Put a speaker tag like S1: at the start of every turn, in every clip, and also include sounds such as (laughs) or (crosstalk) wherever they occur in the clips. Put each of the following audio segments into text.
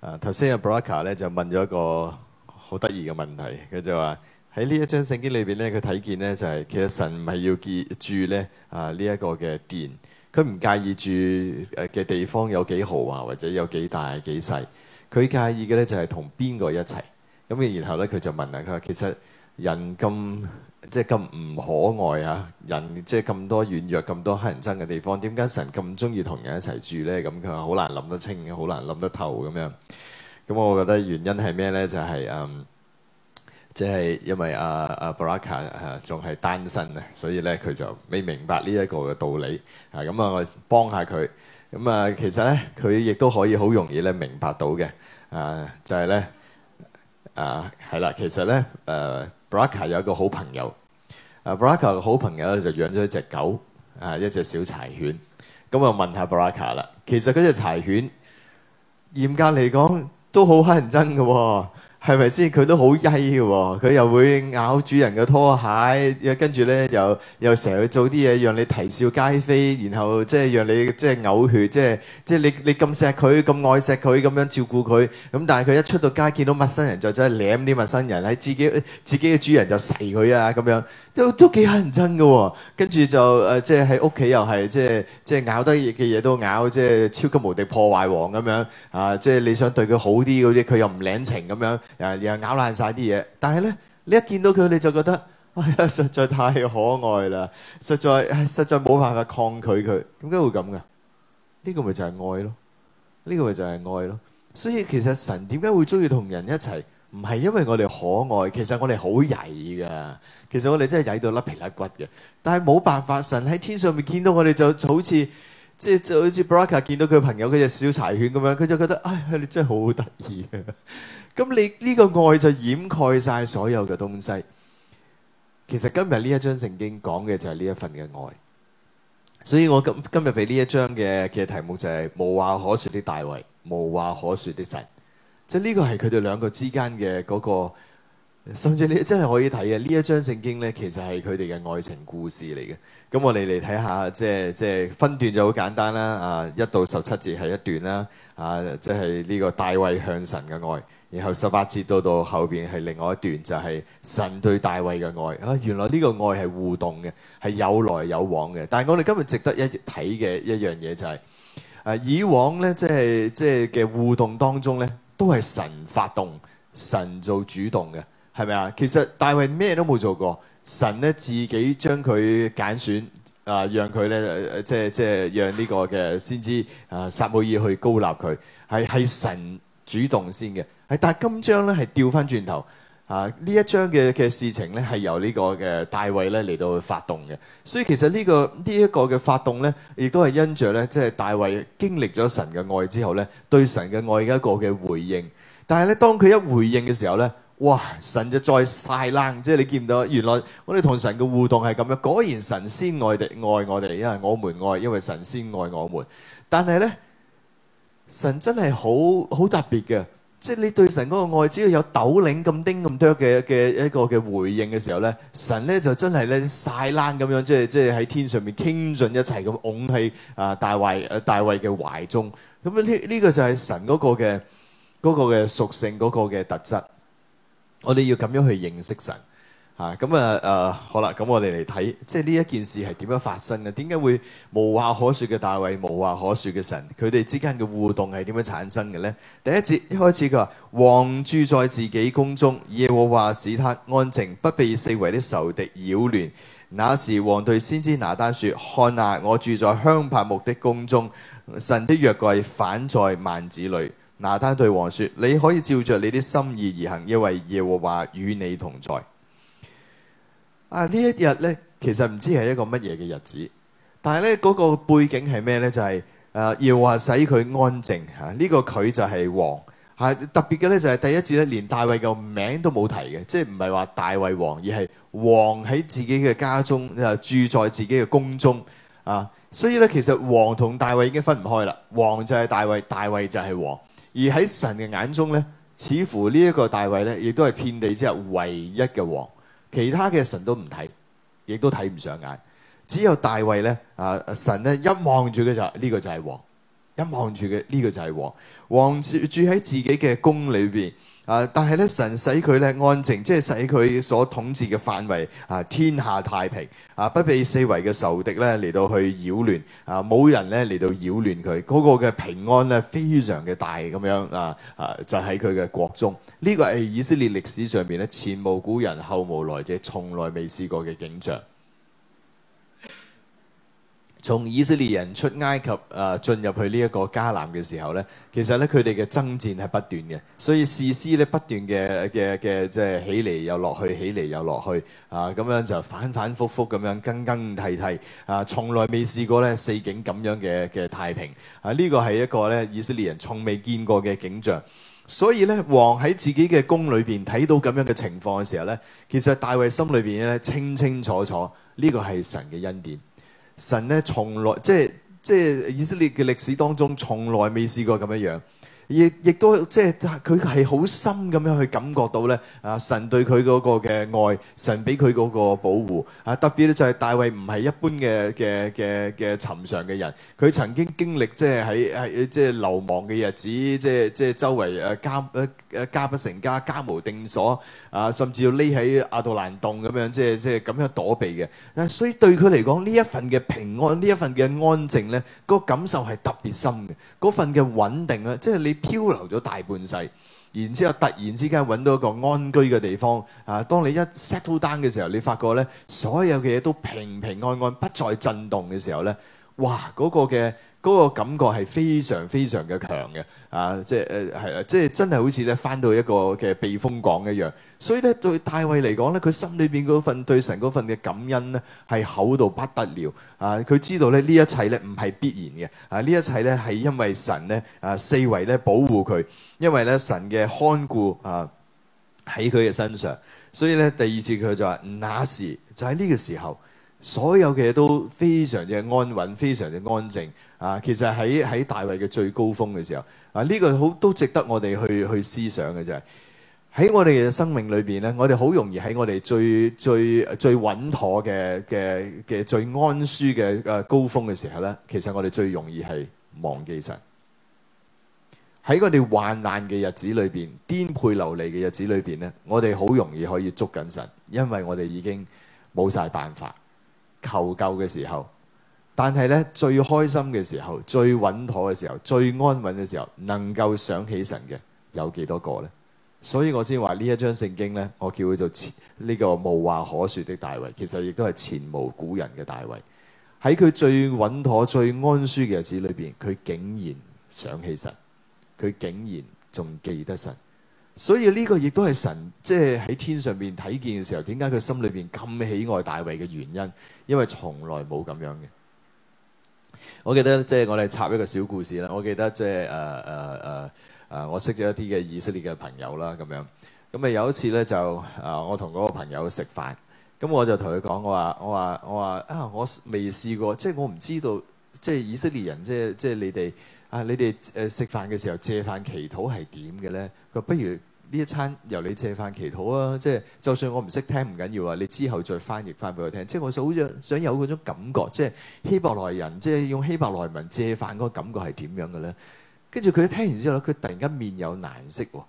S1: 啊！頭先阿布拉 a 咧就問咗一個好得意嘅問題，佢就話喺呢一張聖經裏邊咧，佢睇見咧就係、是、其實神唔係要住咧啊呢一、這個嘅殿，佢唔介意住誒嘅地方有幾豪華或者有幾大幾細，佢介意嘅咧就係同邊個一齊。咁然後咧佢就問啊，佢話其實人咁。即係咁唔可愛啊！人即係咁多軟弱、咁多黑人憎嘅地方，點解神咁中意同人一齊住咧？咁佢話好難諗得清，好難諗得透咁樣。咁我覺得原因係咩咧？就係嗯，即係因為阿阿布拉卡誒仲係單身啊，所以咧佢就未明白呢一個嘅道理啊。咁啊，我幫下佢。咁啊，其實咧佢亦都可以好容易咧明白到嘅啊，就係咧啊，係啦，其實咧誒布拉卡有一個好朋友。阿布拉卡嘅好朋友咧就養咗一隻狗，啊，一隻小柴犬。咁啊問下布拉卡啦，其實嗰隻柴犬嚴格嚟講都好乞人憎嘅，係咪先？佢都好曳嘅，佢又會咬主人嘅拖鞋，跟住咧又又成日去做啲嘢，讓你啼笑皆非，然後即係讓你即係嘔血，即係即係你你咁錫佢，咁愛錫佢，咁樣照顧佢，咁但係佢一出到街見到陌生人就真係舐啲陌生人，係自己自己嘅主人就噬佢啊咁樣。都都幾乞人憎嘅喎、哦，跟住就誒、啊，即係喺屋企又係即係即係咬得嘅嘢都咬，即係超級無敵破壞王咁樣啊！即係你想對佢好啲嗰啲，佢又唔領情咁樣，又、啊、又咬爛晒啲嘢。但係咧，你一見到佢你就覺得，哎呀，實在太可愛啦！實在實在冇辦法抗拒佢，點解會咁嘅？呢、呢個咪就係愛咯，呢、呢個咪就係愛咯。所以其實神點解會中意同人一齊？唔係因為我哋可愛，其實我哋好曳噶。其實我哋真係曳到甩皮甩骨嘅。但係冇辦法，神喺天上面見到我哋，就好似即係就好似布拉克見到佢朋友嗰隻小柴犬咁樣，佢就覺得唉、哎、你真係好得意啊！咁 (laughs) 你呢個愛就掩蓋晒所有嘅東西。其實今日呢一章聖經講嘅就係呢一份嘅愛。所以我今今日俾呢一章嘅嘅題目就係、是、無話可說的大衛，無話可說的神。即係呢個係佢哋兩個之間嘅嗰個，甚至你真係可以睇嘅呢一章聖經咧，其實係佢哋嘅愛情故事嚟嘅。咁我哋嚟睇下，即係即係分段就好簡單啦。啊，一到十七節係一段啦，啊，即係呢個大衛向神嘅愛，然後十八節到到後邊係另外一段就係神對大衛嘅愛啊。原來呢個愛係互動嘅，係有來有往嘅。但係我哋今日值得一睇嘅一樣嘢就係，啊，以往咧即係即係嘅互動當中咧。都係神發動，神做主動嘅，係咪啊？其實大衛咩都冇做過，神咧自己將佢揀選，啊，讓佢咧、啊、即係即係讓呢個嘅先知啊，撒母耳去高立佢，係係神主動先嘅，係，但係今章咧係調翻轉頭。啊！呢一章嘅嘅事情咧，係由呢個嘅大衛咧嚟到去發動嘅。所以其實呢個呢一個嘅發動咧，亦都係因着咧，即係大衛經歷咗神嘅愛之後咧，對神嘅愛嘅一個嘅回應。但係咧，當佢一回應嘅時候咧，哇！神就再晒冷，即係你見唔到。原來我哋同神嘅互動係咁樣。果然神先愛哋愛我哋，因為我們愛，因為神先愛我們。但係咧，神真係好好特別嘅。即係你對神嗰個愛，只要有斗零咁丁咁多嘅嘅一個嘅回應嘅時候咧，神咧就真係咧晒冷咁樣，即係即係喺天上面傾盡一齊咁擁喺啊大衛啊大衛嘅懷中。咁啊呢呢個就係神嗰個嘅嗰個嘅屬性嗰個嘅特質。我哋要咁樣去認識神。啊，咁啊，誒好啦，咁我哋嚟睇，即係呢一件事係點樣發生嘅？點解會無話可説嘅大衛，無話可説嘅神佢哋之間嘅互動係點樣產生嘅呢？第一節一開始佢話：王住在自己宮中，耶和華使他安靜，不被四圍的仇敵擾亂。那時王對先知拿單說：看啊，我住在香柏木的宮中，神的約櫃反在萬子裡。他」拿單對王說：你可以照着你的心意而行，因為耶和華與你同在。啊！呢一日呢，其實唔知係一個乜嘢嘅日子，但係呢嗰、那個背景係咩呢？就係、是、誒、啊、要話使佢安靜嚇。呢、啊這個佢就係王嚇、啊。特別嘅呢，就係第一節咧，連大衛嘅名都冇提嘅，即係唔係話大衛王，而係王喺自己嘅家中誒、啊，住在自己嘅宮中啊。所以呢，其實王同大衛已經分唔開啦。王就係大衛，大衛就係王。而喺神嘅眼中呢，似乎呢一個大衛呢，亦都係遍地之下唯一嘅王。其他嘅神都唔睇，亦都睇唔上眼。只有大衛咧，啊神咧一望住佢，就呢個就係王，一望住佢呢個就係王，王住住喺自己嘅宮裏邊。啊！但係咧，神使佢咧安靜，即係使佢所統治嘅範圍啊天下太平啊，不被四圍嘅仇敵咧嚟到去擾亂啊，冇人咧嚟到擾亂佢，嗰個嘅平安咧非常嘅大咁樣啊啊！就喺佢嘅國中，呢個係以色列歷史上邊咧前無古人後無來者，從來未試過嘅景象。從以色列人出埃及啊，進入去呢一個迦南嘅時候呢，其實呢，佢哋嘅爭戰係不斷嘅。所以事實呢，不斷嘅、嘅、嘅，即係，起嚟又落去，起嚟又落去，咁樣就反反复复咁樣，更更替替，從來未試過呢，四境咁樣嘅，嘅太平。呢個係一個呢，以色列人從未見過嘅景象。所以呢，王喺自己嘅宮裏面睇到咁樣嘅情況嘅時候呢，其實大衛心裏面呢，清清楚楚，呢個係神嘅恩典神咧，從來，即係即係以色列嘅歷史當中從來未試過咁樣樣亦亦都即係佢係好深咁樣去感覺到咧，啊神對佢嗰個嘅愛，神俾佢嗰個保護啊，特別咧就係大衛唔係一般嘅嘅嘅嘅尋常嘅人，佢曾經經歷即係喺喺即係流亡嘅日子，即係即係周圍家誒誒家不成家，家無定所啊，甚至要匿喺亞杜蘭洞咁樣，即係即係咁樣躲避嘅。所以對佢嚟講呢一份嘅平安，呢一份嘅安靜咧，個感受係特別深嘅，嗰份嘅穩定咧，即係你。漂流咗大半世，然之後突然之間揾到一個安居嘅地方。啊，當你一 settle down 嘅時候，你發覺咧，所有嘅嘢都平平安安，不再震動嘅時候咧，哇！嗰個嘅～嗰、那個感覺係非常非常嘅強嘅，啊，即係誒係啦，即係、就是、真係好似咧翻到一個嘅避風港一樣。所以咧對大衛嚟講咧，佢心裏邊嗰份對神嗰份嘅感恩咧係厚到不得了啊！佢知道咧呢這一切咧唔係必然嘅啊，呢一切咧係因為神咧啊四圍咧保護佢，因為咧神嘅看顧啊喺佢嘅身上。所以咧第二次佢就話：那時就喺呢個時候，所有嘅嘢都非常嘅安穩，非常嘅安靜。啊，其實喺喺大衛嘅最高峰嘅時候，啊呢、這個好都值得我哋去去思想嘅就係、是、喺我哋嘅生命裏邊咧，我哋好容易喺我哋最最最穩妥嘅嘅嘅最安舒嘅嘅、啊、高峰嘅時候咧，其實我哋最容易係忘記神。喺我哋患難嘅日子裏邊、顛沛流離嘅日子裏邊咧，我哋好容易可以捉緊神，因為我哋已經冇晒辦法求救嘅時候。但係咧，最開心嘅時候、最穩妥嘅時候、最安穩嘅時候，能夠想起神嘅有幾多個呢？所以我先話呢一章聖經呢，我叫佢做呢個無話可說的大衛，其實亦都係前無古人嘅大衛。喺佢最穩妥、最安舒嘅日子裏邊，佢竟然想起神，佢竟然仲記得神。所以呢個亦都係神即係喺天上面睇見嘅時候，點解佢心裏邊咁喜愛大衛嘅原因？因為從來冇咁樣嘅。我記得即係我哋插一個小故事啦。我記得即係誒誒誒誒，我識咗一啲嘅以色列嘅朋友啦咁樣。咁咪有一次咧就誒，我同嗰個朋友食飯，咁我就同佢講，我話我話我話啊，我未試過，即係我唔知道，即係以色列人即係即係你哋啊，你哋誒食飯嘅時候借飯祈禱係點嘅咧？佢不如，呢一餐由你借飯祈禱啊！即係就算我唔識聽，唔緊要啊！你之後再翻譯翻俾我聽，即係我就好想有嗰種感覺，即係希伯來人，即係用希伯來文借飯嗰個感覺係點樣嘅咧？跟住佢聽完之後咧，佢突然間面有難色喎，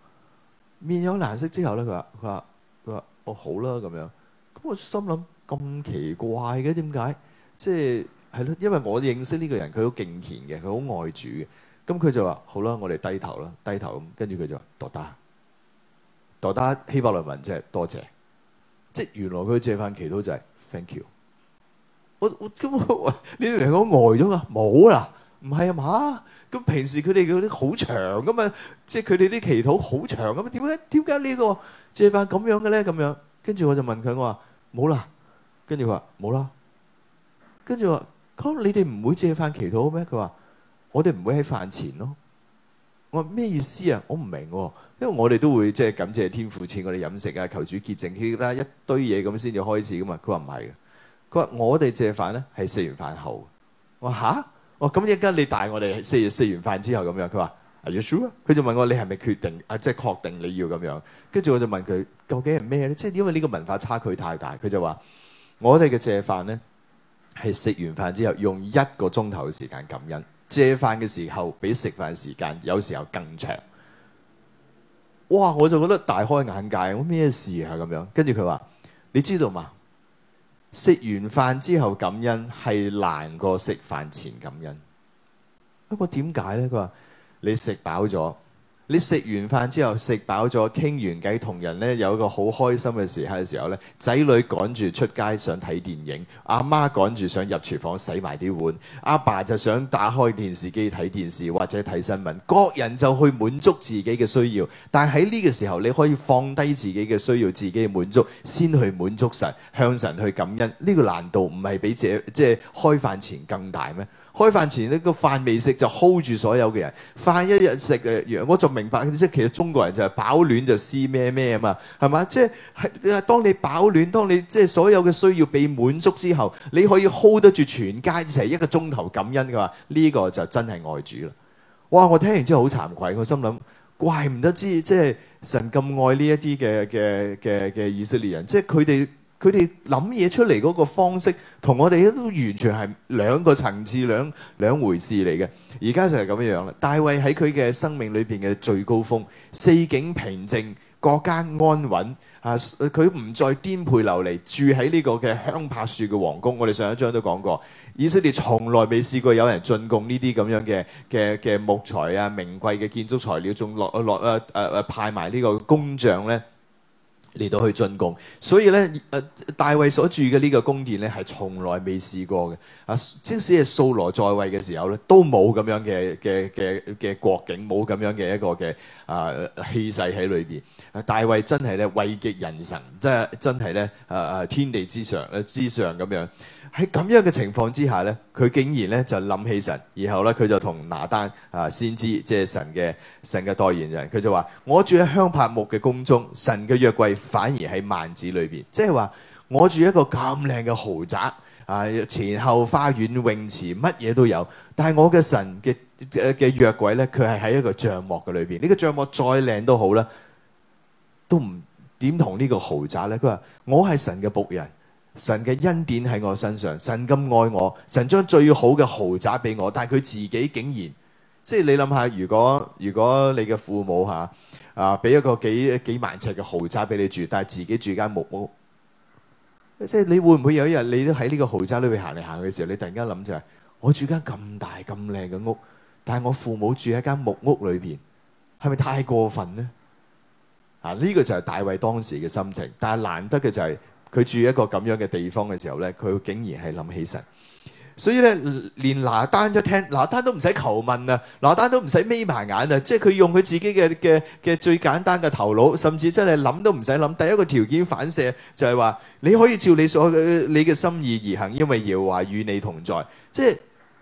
S1: 面有難色之後咧，佢話：佢話佢話哦好啦咁樣。咁我心諗咁奇怪嘅點解？即係係咯，因為我認識呢個人，佢好敬虔嘅，佢好愛主嘅。咁佢就話好啦，我哋低頭啦，低頭咁。跟住佢就話多得。代打希伯來文啫，多謝。即係原來佢借返祈禱就係，thank you。我我咁，你以為我呆咗啊？冇啦，唔係啊嘛？咁平時佢哋嗰啲好長噶嘛，即係佢哋啲祈禱好長咁嘛？點解點解呢個借返咁樣嘅咧？咁樣跟住我就問佢我話冇啦，跟住話冇啦，跟住話，咁你哋唔會借返祈禱咩？佢話我哋唔會喺飯前咯。我話咩意思啊？我唔明喎。啊，因為我哋都會即係感謝天父賜我哋飲食啊，求主潔淨啲啦，一堆嘢咁先至開始噶嘛。佢話唔係嘅，佢話我哋借飯咧係食完飯後。我話吓，我咁、啊、一陣間你帶我哋食食完飯之後咁樣。佢話 are you sure？佢就問我你係咪決定啊？即係確定你要咁樣。跟住我就問佢究竟係咩咧？即係因為呢個文化差距太大。佢就話我哋嘅借飯咧係食完飯之後用一個鐘頭嘅時間感恩。借飯嘅時候比食飯時間有時候更長，哇！我就覺得大開眼界，咩事啊咁樣？跟住佢話：你知道嗎？食完飯之後感恩係難過食飯前感恩，不過點解呢？佢話你食飽咗。你食完飯之後食飽咗，傾完偈同人咧有一個好開心嘅時刻嘅時候咧，仔女趕住出街想睇電影，阿媽趕住想入廚房洗埋啲碗，阿爸就想打開電視機睇電視或者睇新聞，各人就去滿足自己嘅需要。但喺呢個時候，你可以放低自己嘅需要，自己嘅滿足，先去滿足神，向神去感恩。呢個難度唔係比這即係開飯前更大咩？開飯前呢個飯未食就 hold 住所有嘅人，飯一日食誒，我就明白即係其實中國人就係飽暖就思咩咩啊嘛，係嘛？即係係當你飽暖，當你即係所有嘅需要被滿足之後，你可以 hold 得住全街成一個鐘頭感恩嘅話，呢個就真係愛主啦！哇！我聽完之後好慚愧，我心諗怪唔得知即係神咁愛呢一啲嘅嘅嘅嘅以色列人，即係佢哋。佢哋諗嘢出嚟嗰個方式，同我哋都完全係兩個層次、兩兩回事嚟嘅。而家就係咁樣樣啦。大衛喺佢嘅生命裏邊嘅最高峰，四境平靜，國家安穩啊！佢唔再顛沛流離，住喺呢個嘅香柏樹嘅皇宮。我哋上一章都講過，以色列從來未試過有人進貢呢啲咁樣嘅嘅嘅木材啊、名貴嘅建築材料，仲落落誒誒、啊啊啊、派埋呢個工匠咧。嚟到去進攻，所以咧，誒大衛所住嘅呢個宮殿咧，係從來未試過嘅。啊，即使係掃羅在位嘅時候咧，都冇咁樣嘅嘅嘅嘅國境，冇咁樣嘅一個嘅啊氣勢喺裏邊。大衛真係咧位極人臣，即係真係咧啊啊天地之上，啊、之上咁樣。喺咁樣嘅情況之下呢，佢竟然呢就諗起神，然後呢，佢就同拿單啊先知，即係神嘅神嘅代言人，佢就話：我住喺香柏木嘅宮中，神嘅約櫃反而喺幔子裏邊。即係話我住一個咁靚嘅豪宅啊，前後花園、泳池，乜嘢都有。但係我嘅神嘅嘅嘅約櫃咧，佢係喺一個帳幕嘅裏邊。呢個帳幕再靚都好啦，都唔點同呢個豪宅呢。」佢話：我係神嘅僕人。神嘅恩典喺我身上，神咁愛我，神將最好嘅豪宅俾我，但係佢自己竟然，即係你諗下，如果如果你嘅父母吓啊俾一個幾幾萬尺嘅豪宅俾你住，但係自己住間木屋，即係你會唔會有一日你都喺呢個豪宅裏邊行嚟行去嘅時候，你突然間諗就係我住間咁大咁靚嘅屋，但係我父母住喺間木屋裏邊，係咪太過分呢？啊」啊、這、呢個就係大衛當時嘅心情，但係難得嘅就係、是。佢住一個咁樣嘅地方嘅時候呢，佢竟然係諗起神，所以呢，連拿單一聽，拿單都唔使求問啊，拿單都唔使眯埋眼啊，即係佢用佢自己嘅嘅嘅最簡單嘅頭腦，甚至真係諗都唔使諗，第一個條件反射就係話，你可以照你所你嘅心意而行，因為耶和華與你同在，即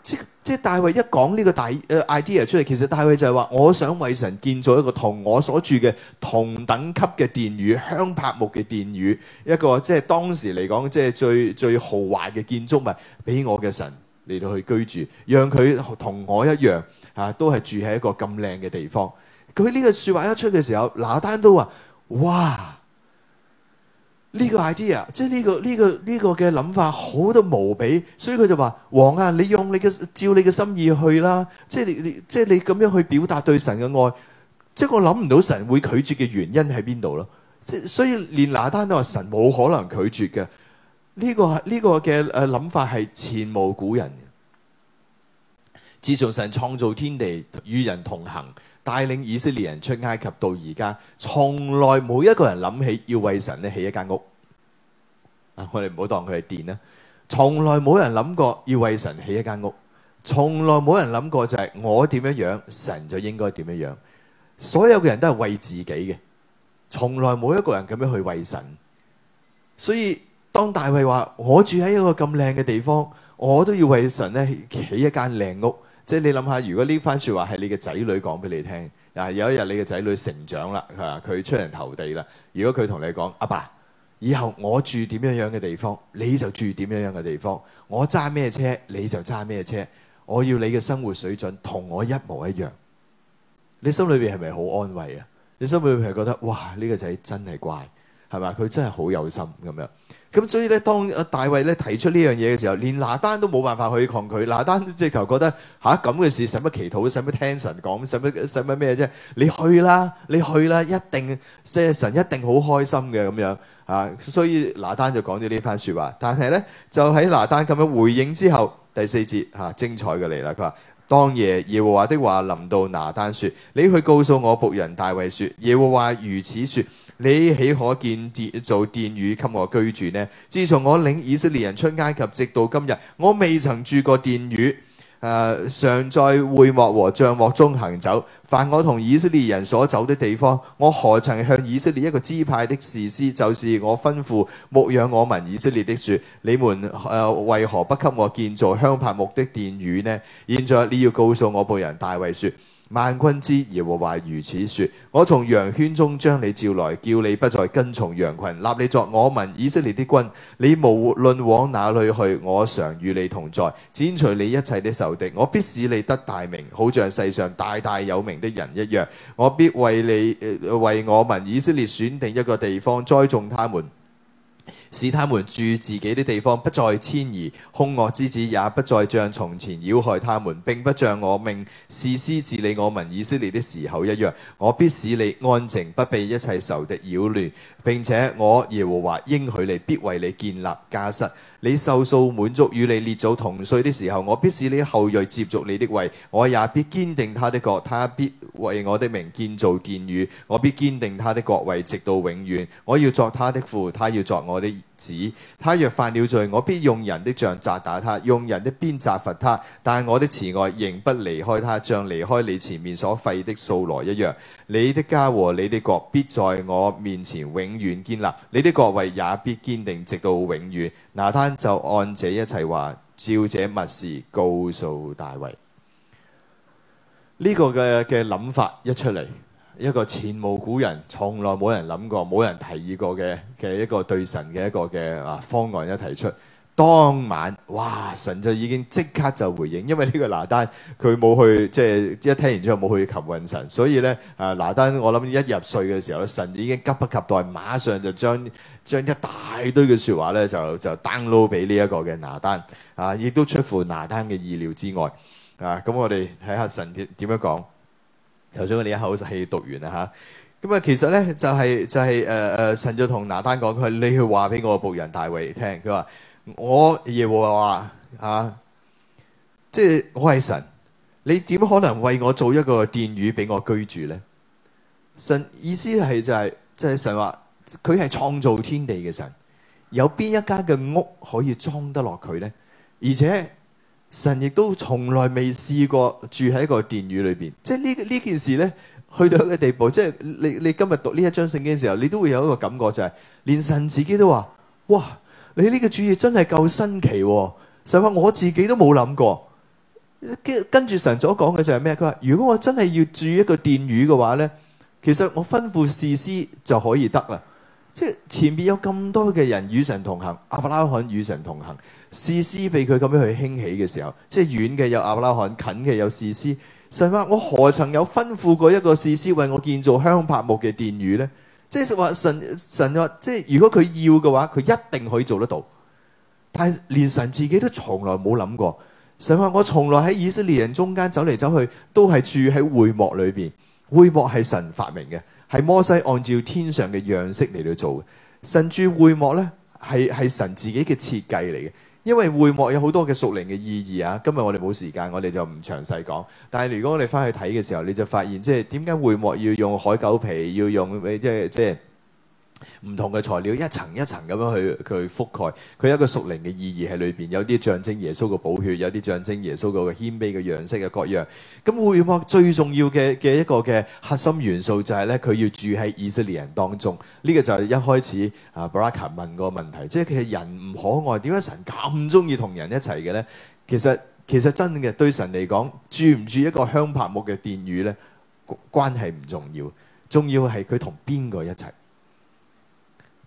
S1: 即即大衛一講呢個大誒 idea 出嚟，其實大衛就係話，我想為神建造一個同我所住嘅同等級嘅殿宇，香柏木嘅殿宇，一個即係當時嚟講即係最最豪華嘅建築物，俾我嘅神嚟到去居住，讓佢同我一樣啊，都係住喺一個咁靚嘅地方。佢呢個說話一出嘅時候，嗱單都話：哇！呢、這個 idea，即係、這、呢個呢、這個呢、這個嘅諗法好到無比，所以佢就話：王啊，你用你嘅照你嘅心意去啦，即係你你即係你咁樣去表達對神嘅愛，即係我諗唔到神會拒絕嘅原因喺邊度咯。即係所以連拿單都話神冇可能拒絕嘅，呢、這個係呢、這個嘅誒諗法係前無古人嘅。自從神創造天地與人同行。帶領以色列人出埃及到而家，從來冇一個人諗起要為神咧起一間屋，我哋唔好當佢係電啦。從來冇人諗過要為神起一間屋，從來冇人諗過就係我點樣樣，神就應該點樣樣。所有嘅人都係為自己嘅，從來冇一個人咁樣去為神。所以當大衛話我住喺一個咁靚嘅地方，我都要為神咧起一間靚屋。即係你諗下，如果呢番説話係你嘅仔女講俾你聽，嗱有一日你嘅仔女成長啦，佢出人頭地啦，如果佢同你講：阿爸，爸，以後我住點樣樣嘅地方，你就住點樣樣嘅地方；我揸咩車，你就揸咩車；我要你嘅生活水準同我一模一樣。你心裏邊係咪好安慰啊？你心裏邊係覺得哇呢個仔真係乖，係咪？佢真係好有心咁樣。咁所以咧，當大衛咧提出呢樣嘢嘅時候，連拿單都冇辦法去抗拒。拿單直頭覺得吓，咁、啊、嘅事使乜祈禱，使乜聽神講，使乜使乜咩啫？你去啦，你去啦，一定即神一定好開心嘅咁樣、啊、所以拿單就講咗呢番説話。但係咧，就喺拿單咁樣回應之後，第四節、啊、精彩嘅嚟啦。佢話：當夜耶和華的話臨到拿單，說：你去告訴我僕人大衛說，說耶和華如此說你豈可建殿做殿宇給我居住呢？自從我領以色列人出埃及，直到今日，我未曾住過殿宇。誒、呃，常在會幕和帳幕中行走。凡我同以色列人所走的地方，我何曾向以色列一個支派的士師，就是我吩咐牧養我民以色列的說：你們誒為何不給我建造香柏木的殿宇呢？現在你要告訴我僕人大衛說。萬軍之耶和華如此說：我從羊圈中將你召來，叫你不再跟從羊群，立你作我民以色列的君。你無論往哪裏去，我常與你同在，剪除你一切的仇敵。我必使你得大名，好像世上大大有名的人一樣。我必為你，為我民以色列選定一個地方，栽種他們。使他們住自己的地方，不再遷移；凶惡之子也不再像從前擾害他們，並不像我命士師治理我民以色列的時候一樣。我必使你安靜，不被一切仇敵擾亂，並且我耶和華應許你，必為你建立家室。你壽數滿足與你列祖同歲的時候，我必使你後裔接續你的位，我也必堅定他的國，他必為我的名建造殿宇。我必堅定他的國位，直到永遠。我要作他的父，他要作我的子。他若犯了罪，我必用人的杖責打他，用人的鞭責罰他。但我的慈愛仍不離開他，像離開你前面所廢的掃羅一樣。你的家和你的國必在我面前永遠建立，你的國位也必堅定直到永遠。拿單就按這一切話照者這密事告訴大衛。呢個嘅嘅諗法一出嚟，一個前無古人、從來冇人諗過、冇人提議過嘅嘅一個對神嘅一個嘅啊方案一提出。當晚，哇！神就已經即刻就回應，因為呢個拿單佢冇去，即係一聽完之後冇去求問神，所以咧啊拿單，丹我諗一入睡嘅時候，神已經急不及待，馬上就將將一大堆嘅説話咧就就 download 俾呢一個嘅拿單啊，亦都出乎拿單嘅意料之外啊。咁我哋睇下神點點樣講，頭先我哋一口氣讀完啦嚇。咁啊，其實咧就係、是、就係誒誒神就同拿單講佢，你去話俾我僕人大衛聽，佢話。我耶和華啊，即係我係神，你點可能為我做一個殿宇俾我居住呢？神意思係就係即係神話，佢係創造天地嘅神，有邊一間嘅屋可以裝得落佢呢？而且神亦都從來未試過住喺一個殿宇裏邊，即係呢呢件事呢，去到一個地步，即係你你今日讀呢一章聖經嘅時候，你都會有一個感覺就係，連神自己都話哇。你呢個主意真係夠新奇，哦，神話我自己都冇諗過。跟住神所講嘅就係咩？佢話如果我真係要建一個殿宇嘅話呢，其實我吩咐士師就可以得啦。即前面有咁多嘅人與神同行，亞伯拉罕與神同行，士師被佢咁樣去興起嘅時候，即係遠嘅有亞伯拉罕，近嘅有士師。神話我何曾有吩咐過一個士師為我建造香柏木嘅殿宇呢？即係話神神話，即是如果他要的話，即係如果佢要嘅話，佢一定可以做得到。但係連神自己都從來冇諗過。神話我從來喺以色列人中間走嚟，走去，都係住喺會幕裏邊。會幕係神發明嘅，係摩西按照天上嘅樣式嚟去做嘅。神住會幕咧，係係神自己嘅設計嚟嘅。因為會幕有好多嘅屬靈嘅意義啊，今日我哋冇時間，我哋就唔詳細講。但係如果我哋翻去睇嘅時候，你就發現即係點解會幕要用海狗皮，要用即係即係。唔同嘅材料一層一層咁樣去去覆蓋，佢有一個屬靈嘅意義喺裏邊，有啲象徵耶穌嘅寶血，有啲象徵耶穌嘅謙卑嘅樣式嘅各樣。咁會幕最重要嘅嘅一個嘅核心元素就係咧，佢要住喺以色列人當中。呢個就係一開始啊布拉克問個問題，即係佢係人唔可愛，點解神咁中意同人一齊嘅呢？其實其實真嘅對神嚟講，住唔住一個香柏木嘅殿宇呢？關係唔重要，重要係佢同邊個一齊。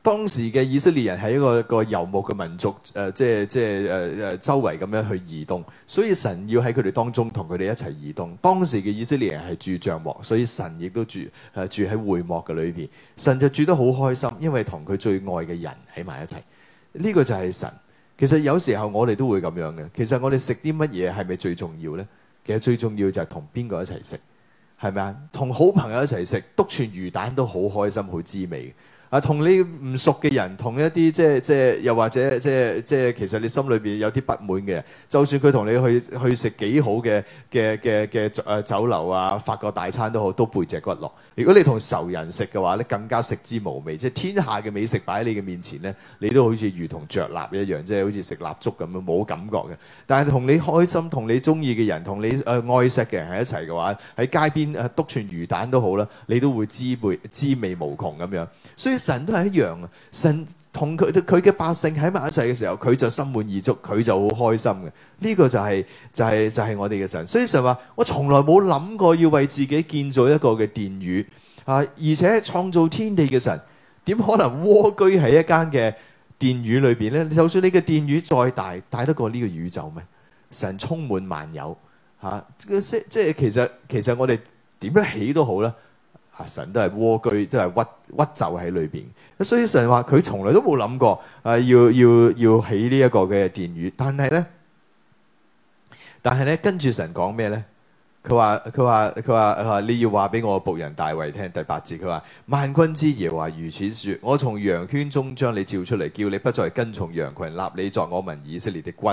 S1: 當時嘅以色列人係一個一個遊牧嘅民族，誒、呃，即係即係誒誒，周圍咁樣去移動，所以神要喺佢哋當中同佢哋一齊移動。當時嘅以色列人係住帳幕，所以神亦都住誒、呃、住喺會幕嘅裏邊。神就住得好開心，因為同佢最愛嘅人喺埋一齊。呢、這個就係神。其實有時候我哋都會咁樣嘅。其實我哋食啲乜嘢係咪最重要呢？其實最重要就係同邊個一齊食，係咪啊？同好朋友一齊食，篤串魚蛋都好開心，好滋味。啊，同你唔熟嘅人，同一啲即即又或者即即其實你心裏邊有啲不滿嘅人，就算佢同你去去食幾好嘅嘅嘅嘅誒酒樓啊，法國大餐都好，都背脊骨落。如果你同仇人食嘅話咧，你更加食之無味。即係天下嘅美食擺喺你嘅面前咧，你都好似如同嚼蠟一樣，即係好似食蠟燭咁樣冇感覺嘅。但係同你開心、同你鍾意嘅人、同你誒、呃、愛錫嘅人喺一齊嘅話，喺街邊誒篤串魚蛋都好啦，你都會滋味滋味無窮咁樣。所以神都係一樣啊，神。同佢佢嘅百姓喺埋一齊嘅時候，佢就心滿意足，佢就好開心嘅。呢個就係就係就係我哋嘅神。所以神話我從來冇諗過要為自己建造一個嘅殿宇啊！而且創造天地嘅神點可能蝸居喺一間嘅殿宇裏邊呢？就算你嘅殿宇再大，大得過呢個宇宙咩？神充滿萬有吓，即係即係其實其實我哋點樣起都好啦，啊神都係蝸居，都係屈屈就喺裏邊。所以神話佢從來都冇諗過啊、呃，要要要起呢一個嘅殿宇。但係呢，但係呢，跟住神講咩呢？佢話佢話佢話，你要話俾我僕人大衛聽第八節。佢話萬軍之耶和華如此說：我從羊圈中將你召出嚟，叫你不再跟從羊群，立你作我民以色列的君。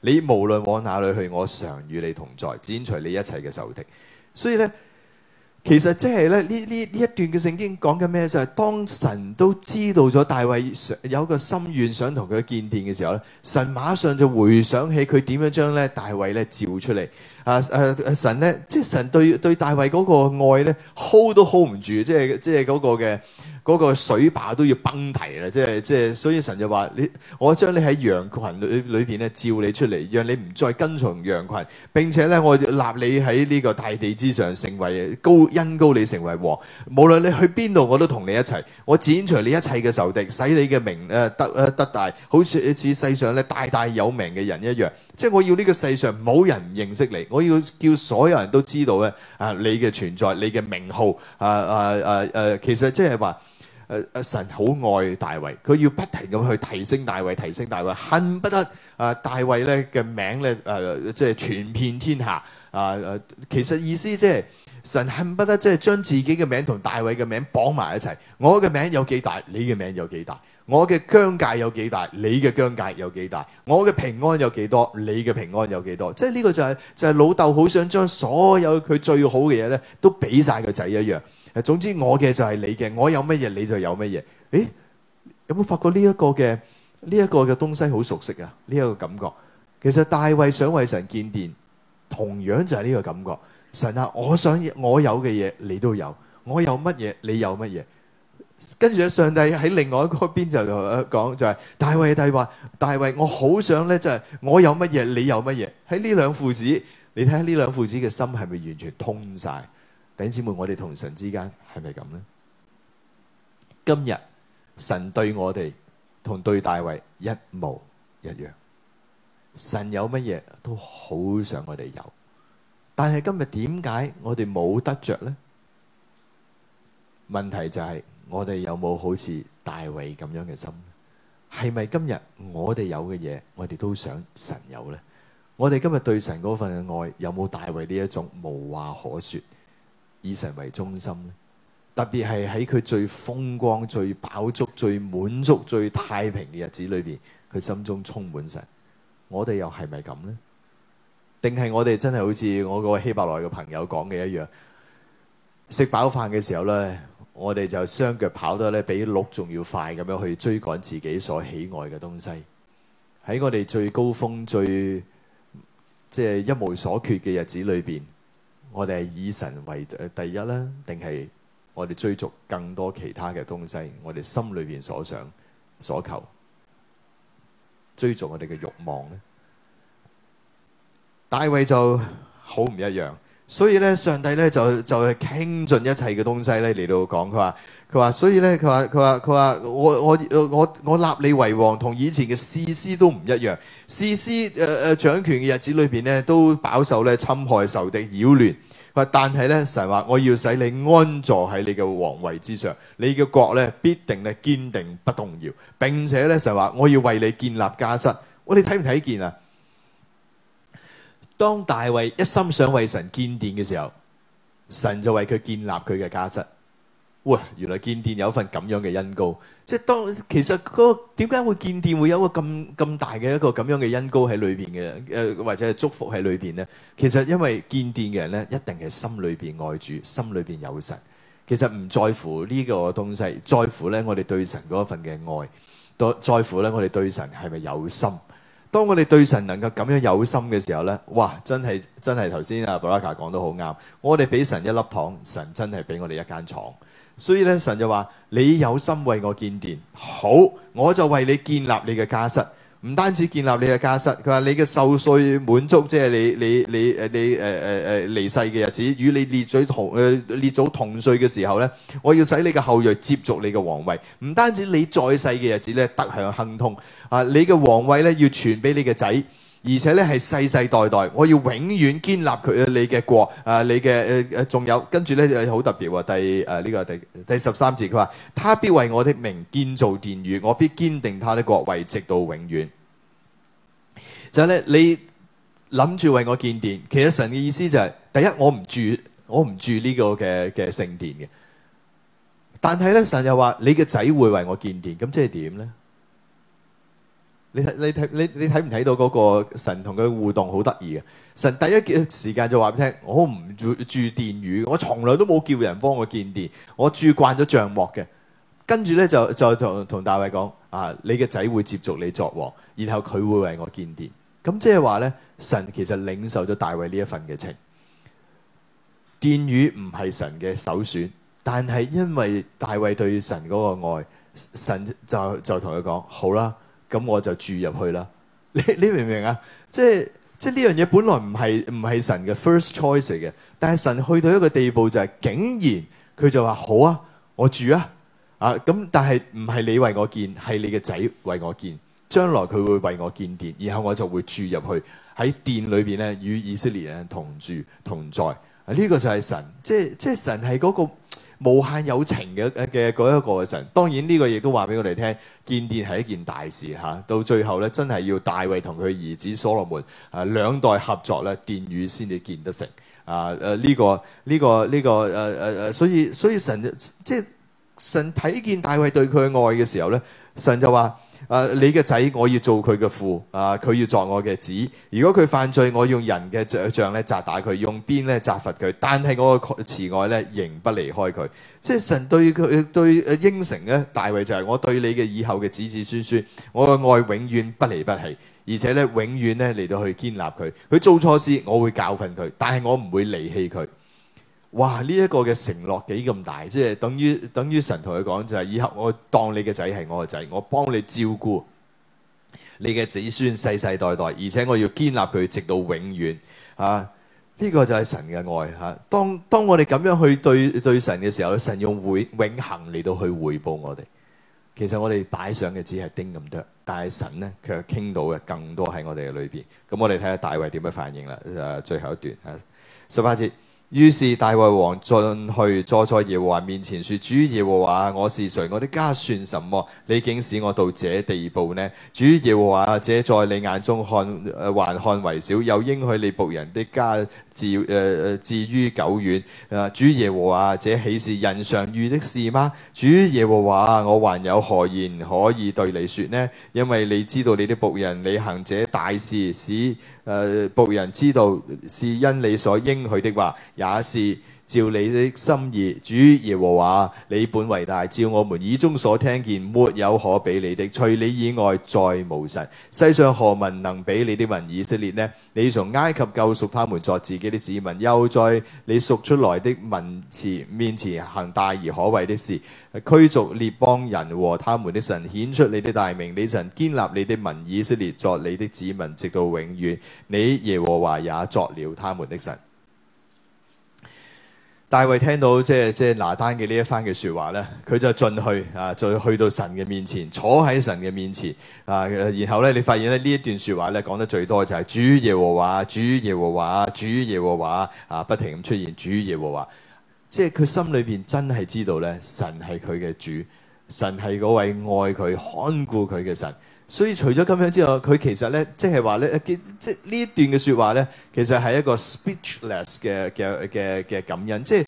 S1: 你無論往哪裏去，我常與你同在，剪除你一切嘅仇敵。所以呢。其實即係咧，呢呢呢一段嘅聖經講緊咩？就係、是、當神都知道咗大衛有個心願想同佢見面嘅時候咧，神馬上就回想起佢點樣將咧大衛咧召出嚟。啊誒、誒、神咧，即係神對，對大衛嗰愛咧，hold 都 hold 唔住，即係即係嗰嘅嗰水壩都要崩堤啦！即係即係所以神就話你，我將你喺羊群裏裏邊咧，召你出嚟，讓你唔再跟從羊群，並且咧，我立你喺呢個大地之上，成為高恩高，高你成為王。無論你去邊度，我都同你一齊，我剪除你一切嘅仇敵，使你嘅名誒得誒得大，好似似世上咧大大有名嘅人一樣，即係我要呢個世上冇人認識你。我要叫所有人都知道咧，啊，你嘅存在，你嘅名號，啊啊啊誒，其實即係話，誒、呃、誒，神好愛大衛，佢要不停咁去提升大衛，提升大衛，恨不得啊大衛咧嘅名咧誒，即係傳遍天下啊、呃！其實意思即係，神恨不得即係將自己嘅名同大衛嘅名綁埋一齊，我嘅名有幾大，你嘅名有幾大。我嘅疆界有幾大？你嘅疆界有幾大？我嘅平安有幾多？你嘅平安有幾多？即係呢個就係就係老豆好想將所有佢最好嘅嘢咧，都俾晒個仔一樣。誒，總之我嘅就係你嘅，我有乜嘢你就有乜嘢。誒，有冇發覺呢一個嘅呢一個嘅東西好熟悉啊？呢一個感覺其實大衛想為神建殿，同樣就係呢個感覺。神啊，我想我有嘅嘢你都有，我有乜嘢你有乜嘢。跟住咧，上帝喺另外一個邊就講，就係大衛帝話：大衛，我好想呢，就係我有乜嘢，你有乜嘢。喺呢兩父子，你睇下呢兩父子嘅心係咪完全通晒？弟兄姊妹，我哋同神之間係咪咁呢？今日神對我哋同對大衛一模一樣，神有乜嘢都好想我哋有，但係今日點解我哋冇得着呢？問題就係。我哋有冇好似大衛咁樣嘅心？係咪今日我哋有嘅嘢，我哋都想神有呢？我哋今日對神嗰份愛有冇大衛呢一種無話可說，以神為中心呢？特別係喺佢最風光、最飽足、最滿足、最太平嘅日子裏邊，佢心中充滿神。我哋又係咪咁呢？定係我哋真係好似我嗰希伯來嘅朋友講嘅一樣，食飽飯嘅時候呢？我哋就雙腳跑得咧，比鹿仲要快咁樣去追趕自己所喜愛嘅東西。喺我哋最高峰、最即係、就是、一無所缺嘅日子裏邊，我哋係以神為第一咧，定係我哋追逐更多其他嘅東西？我哋心裏邊所想、所求，追逐我哋嘅慾望咧？大衛就好唔一樣。所以咧，上帝咧就就係傾盡一切嘅東西咧嚟到講，佢話佢話，所以咧佢話佢話佢話，我我我我立你為王，同以前嘅士師都唔一樣。士師誒誒掌權嘅日子裏邊咧，都飽受咧侵害、仇敵擾亂。佢話但係咧神話，我要使你安坐喺你嘅王位之上，你嘅國咧必定呢，堅定不動搖，並且咧神話，我要為你建立家室。我哋睇唔睇見啊？當大衛，一心想為神建殿嘅時候，神就為佢建立佢嘅家室。哇！原來建殿有份噉樣嘅恩膏，即係當，其實嗰個點解會建殿會有個咁咁大嘅一個噉樣嘅恩膏喺裏邊嘅？誒，或者係祝福喺裏邊呢？其實因為建殿嘅人呢，一定係心裏邊愛主，心裏邊有神。其實唔在乎呢個東西，在乎呢我哋對神嗰一份嘅愛，多在乎呢我哋對神係咪有心。當我哋對神能夠噉樣有心嘅時候呢，哇！真係真係頭先阿布拉卡講得好啱。我哋俾神一粒糖，神真係俾我哋一間廠。所以呢，神就話：你有心為我建殿，好，我就為你建立你嘅家室。.唔單止建立你嘅家室，佢話你嘅壽歲滿足，即、就、係、是、你你你你誒誒、呃呃、離世嘅日子，與你列祖同、呃、列祖同歲嘅時候咧，我要使你嘅後裔接續你嘅王位。唔單止你在世嘅日子咧得享亨通啊，你嘅王位咧要傳俾你嘅仔。而且咧係世世代代代，我要永遠建立佢你嘅國啊，你嘅誒誒，仲、啊、有跟住咧好特別喎、啊。第誒呢、啊這個第第十三節佢話：他必為我的名建造殿宇，我必堅定他的國位，直到永遠。就係、是、咧，你諗住為我建殿，其實神嘅意思就係、是，第一我唔住我唔住呢個嘅嘅聖殿嘅，但係咧神又話你嘅仔會為我建殿，咁即係點咧？你睇，你睇，你你睇唔睇到嗰個神同佢互動好得意嘅？神第一嘅時間就話俾你聽，我唔住住殿宇，我從來都冇叫人幫我建殿，我住慣咗帳幕嘅。跟住咧就就同同大衛講啊，你嘅仔會接續你作王，然後佢會為我建殿。咁即係話咧，神其實領受咗大衛呢一份嘅情，殿宇唔係神嘅首選，但係因為大衛對神嗰個愛，神就就同佢講好啦。咁我就住入去啦。你你明唔明啊？即係即係呢樣嘢，本來唔係唔係神嘅 first choice 嚟嘅。但係神去到一個地步就係、是，竟然佢就話好啊，我住啊，啊咁。但係唔係你為我建，係你嘅仔為我建。將來佢會為我建殿，然後我就會住入去喺殿裏邊咧，與以色列人同住同在。呢、啊這個就係神，即係即係神係嗰、那個。無限有情嘅嘅嗰一個神，當然呢個亦都話俾我哋聽，建殿係一件大事嚇。到最後咧，真係要大衛同佢兒子所羅門啊兩代合作咧，殿宇先至建得成啊！誒呢個呢個呢個誒誒誒，所以所以神即係神睇見大衛對佢嘅愛嘅時候咧，神就話。啊！你嘅仔，我要做佢嘅父，啊，佢要作我嘅子。如果佢犯罪，我用人嘅杖咧責打佢，用鞭咧責罰佢。但係我嘅慈愛咧，仍不離開佢。即係神對佢對應承咧、就是，大衛就係我對你嘅以後嘅子子孫孫，我嘅愛永遠不離不棄，而且咧永遠咧嚟到去建立佢。佢做錯事，我會教訓佢，但係我唔會離棄佢。哇！呢、這、一個嘅承諾幾咁大，即係等於等於神同佢講就係、是：以後我當你嘅仔係我嘅仔，我幫你照顧你嘅子孫世世代代，而且我要建立佢直到永遠。啊！呢、這個就係神嘅愛嚇、啊。當當我哋咁樣去對對神嘅時候，神用會永永恆嚟到去回報我哋。其實我哋擺上嘅只係叮咁多，但係神呢卻傾到嘅更多喺我哋嘅裏邊。咁我哋睇下大衛點樣反應啦、啊。最後一段嚇，十八節。於是大衛王進去坐在耶和華面前說，說主耶和華，我是誰？我的家算什麼？你竟使我到這地步呢？主耶和華，這在你眼中看誒還看為小，又應許你僕人的家至誒至於久遠。主耶和華，這豈是人常遇的事嗎？主耶和華我還有何言可以對你說呢？因為你知道你的僕人你行者、大事使。誒、呃，僕人知道是因你所應許的話，也是。照你的心意，主耶和華，你本為大；照我們耳中所聽見，沒有，有可比你的，除你以外再無神。世上何民能比你的民以色列呢？你從埃及救贖他們作自己的子民，又在你贖出來的民詞面前行大而可畏的事，驅逐列邦人和他們的神，顯出你的大名。你神建立你的民以色列作你的子民，直到永遠。你耶和華也作了他們的神。大衛聽到即係即係拿單嘅呢一番嘅說話咧，佢就進去啊，再去到神嘅面前，坐喺神嘅面前啊，然後咧你發現咧呢一段說話咧講得最多就係主耶和華，主耶和華，主耶和華啊，不停咁出現，主耶和華，即係佢心裏邊真係知道咧，神係佢嘅主，神係嗰位愛佢、看顧佢嘅神。所以除咗咁樣之外，佢其實咧，即係話咧，即呢一段嘅説話咧，其實係一個 speechless 嘅嘅嘅嘅感恩，即係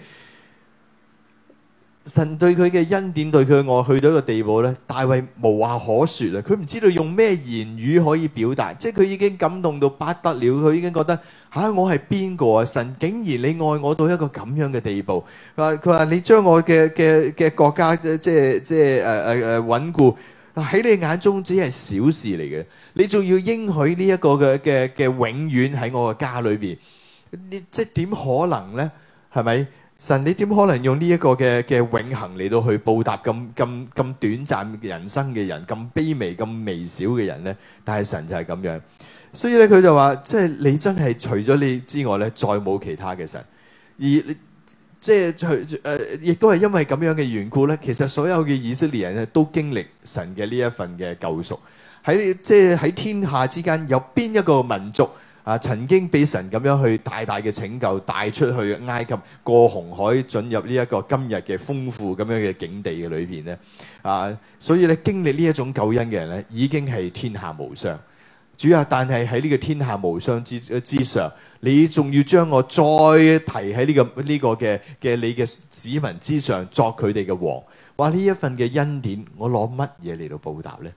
S1: 神對佢嘅恩典，對佢嘅愛去到一個地步咧，大衛無話可説啊！佢唔知道用咩言語可以表達，即係佢已經感動到不得了，佢已經覺得吓，啊，我係邊個啊？神竟然你愛我到一個咁樣嘅地步，佢話佢話你將我嘅嘅嘅國家即係即係誒誒誒穩固。喺你眼中只係小事嚟嘅，你仲要應許呢一個嘅嘅嘅永遠喺我嘅家裏邊？你即係點可能呢？係咪？神你點可能用呢一個嘅嘅永恒嚟到去報答咁咁咁短暫人生嘅人，咁卑微咁微小嘅人呢？但係神就係咁樣，所以咧佢就話即係你真係除咗你之外咧，再冇其他嘅神。而你即係誒，亦都係因為咁樣嘅緣故咧。其實所有嘅以色列人咧，都經歷神嘅呢一份嘅救贖。喺即係喺天下之間，有邊一個民族啊、呃，曾經俾神咁樣去大大嘅拯救，帶出去埃及，過紅海，進入呢一個今日嘅豐富咁樣嘅境地嘅裏邊咧？啊、呃，所以咧，經歷呢一種救恩嘅人咧，已經係天下無雙。主要但係喺呢個天下無雙之之上。你仲要將我再提喺呢個呢個嘅嘅你嘅子民之上，作佢哋嘅王，話呢一份嘅恩典，我攞乜嘢嚟到報答呢？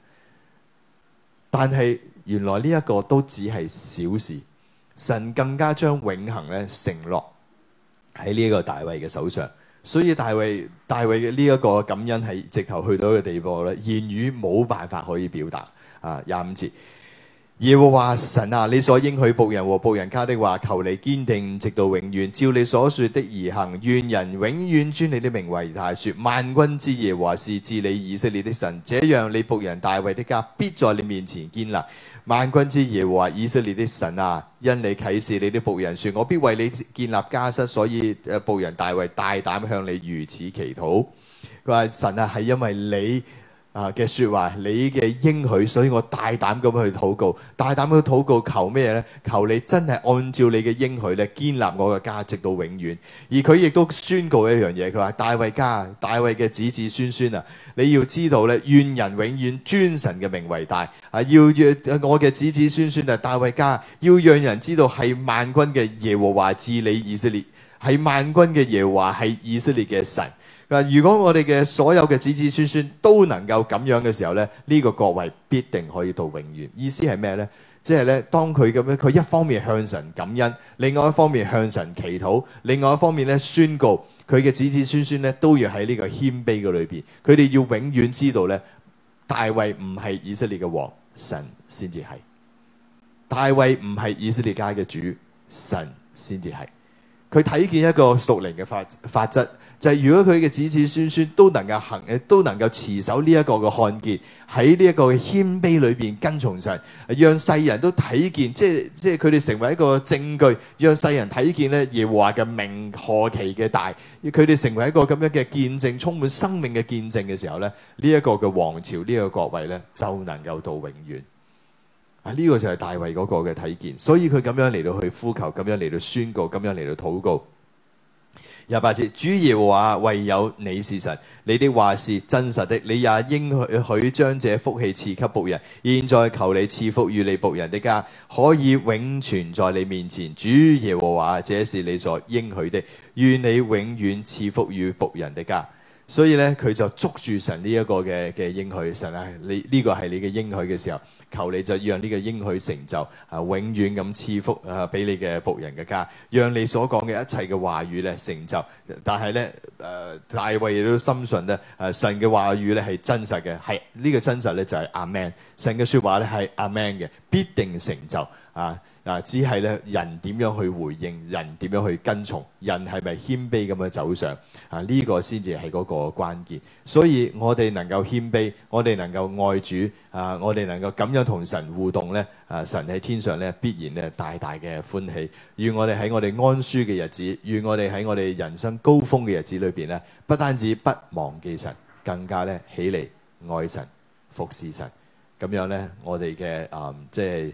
S1: 但係原來呢一個都只係小事，神更加將永恆咧承諾喺呢個大衛嘅手上。所以大衛大衛嘅呢一個感恩係直頭去到一個地步咧，言語冇辦法可以表達啊！廿五節。要話神啊，你所應許僕人和僕人家的話，求你堅定直到永遠，照你所說的而行，願人永遠尊你的名為大說。說萬軍之耶和華是治理以色列的神，這樣你僕人大衛的家必在你面前堅立。萬軍之耶和華以色列的神啊，因你啟示你的僕人說，我必為你建立家室，所以僕人大衛大膽向你如此祈禱。佢話神啊，係因為你。啊嘅說話，你嘅應許，所以我大膽咁去禱告，大膽去禱告求，求咩呢？求你真係按照你嘅應許咧，建立我嘅家，直到永遠。而佢亦都宣告一樣嘢，佢話：大衛家，大衛嘅子子孫孫啊，你要知道咧，願人永遠尊神嘅名為大啊，要讓我嘅子子孫孫啊，大衛家，要讓人知道係萬軍嘅耶和華治理以色列，係萬軍嘅耶和華係以色列嘅神。嗱，如果我哋嘅所有嘅子子孫孫都能夠咁樣嘅時候咧，呢個國位必定可以到永遠。意思係咩呢？即係咧，當佢咁樣，佢一方面向神感恩，另外一方面向神祈禱，另外一方面咧宣告佢嘅子子孫孫咧都要喺呢個謙卑嘅裏邊，佢哋要永遠知道咧，大衛唔係以色列嘅王，神先至係；大衛唔係以色列家嘅主，神先至係。佢睇見一個屬靈嘅法法則。就係，如果佢嘅子子孫孫都能夠行，都能夠持守呢一個嘅漢杰，喺呢一個謙卑裏邊跟從上，讓世人都睇見，即係即係佢哋成為一個證據，讓世人睇見咧耶和華嘅名何其嘅大，佢哋成為一個咁樣嘅見證，充滿生命嘅見證嘅時候咧，呢、這、一個嘅王朝呢個國位咧就能夠到永遠。啊，呢、這個就係大衛嗰個嘅睇見，所以佢咁樣嚟到去呼求，咁樣嚟到宣告，咁樣嚟到禱告。廿八節，主耶和華，唯有你是神，你的話是真實的，你也應許將這福氣賜給僕人。現在求你賜福於你僕人的家，可以永存在你面前。主耶和華，這是你所應許的，願你永遠賜福於僕人的家。所以咧，佢就捉住神呢一個嘅嘅應許。神啊，你呢、這個係你嘅應許嘅時候，求你就讓呢個應許成就啊，永遠咁賜福啊俾你嘅僕人嘅家，讓你所講嘅一切嘅話語咧成就。但係咧，誒、呃、大衛亦都深信咧，誒、啊、神嘅話語咧係真實嘅，係呢、這個真實咧就係阿們。神嘅說話咧係阿們嘅，必定成就啊。啊！只係咧人點樣去回應，人點樣去跟從，人係咪謙卑咁樣走上啊？呢個先至係嗰個關鍵。所以我哋能夠謙卑，我哋能夠愛主啊！我哋能夠咁樣同神互動咧啊！神喺天上咧必然咧大大嘅歡喜。願我哋喺我哋安舒嘅日子，願我哋喺我哋人生高峰嘅日子裏邊咧，不單止不忘記神，更加咧起嚟愛神服侍神。咁樣咧，我哋嘅啊即係。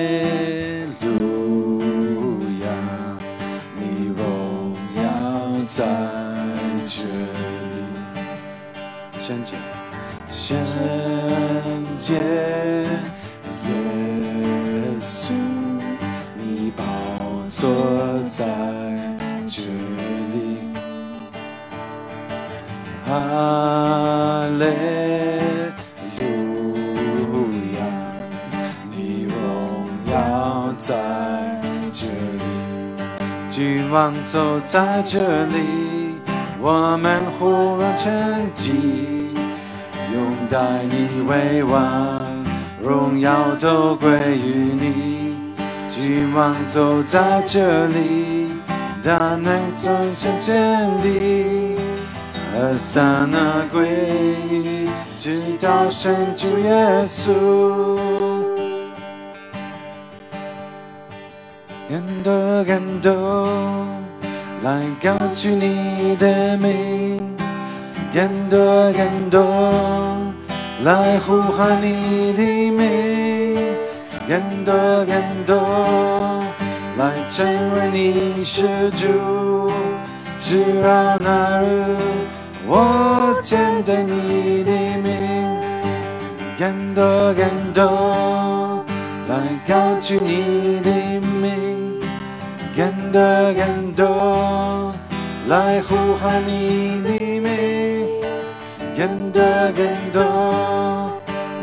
S2: 聖潔，耶穌，你寶座在這裏。哈利路亞，你榮耀在這裏。君王走在這裏，我們忽然沉寂。待你為王，榮耀都歸於你。君王走在這裏，但能走向千里。和散那歸，直到神主耶穌。更多更多，來高舉你的名。更多更多。呼喊你的名，更多更多，來成為你是主。直到那日，我見到你的面，更多更多，來高舉你的名，更多更多，來呼喊你的名，更多更多。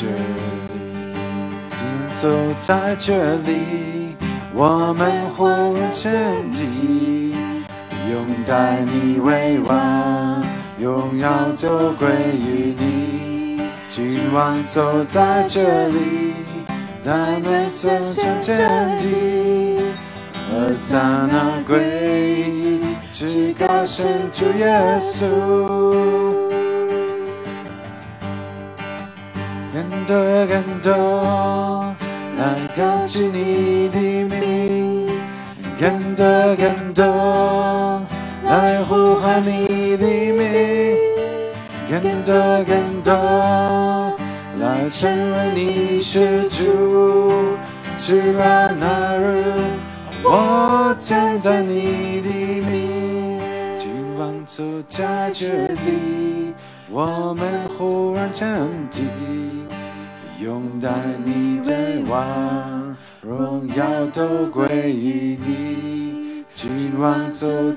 S2: 這裏，走在這裏，我們呼求你，永待你為王，榮耀就歸於你。君王走在這裏，他們走向這地。和散那歸一，至高神主耶穌。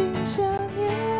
S3: 心想念。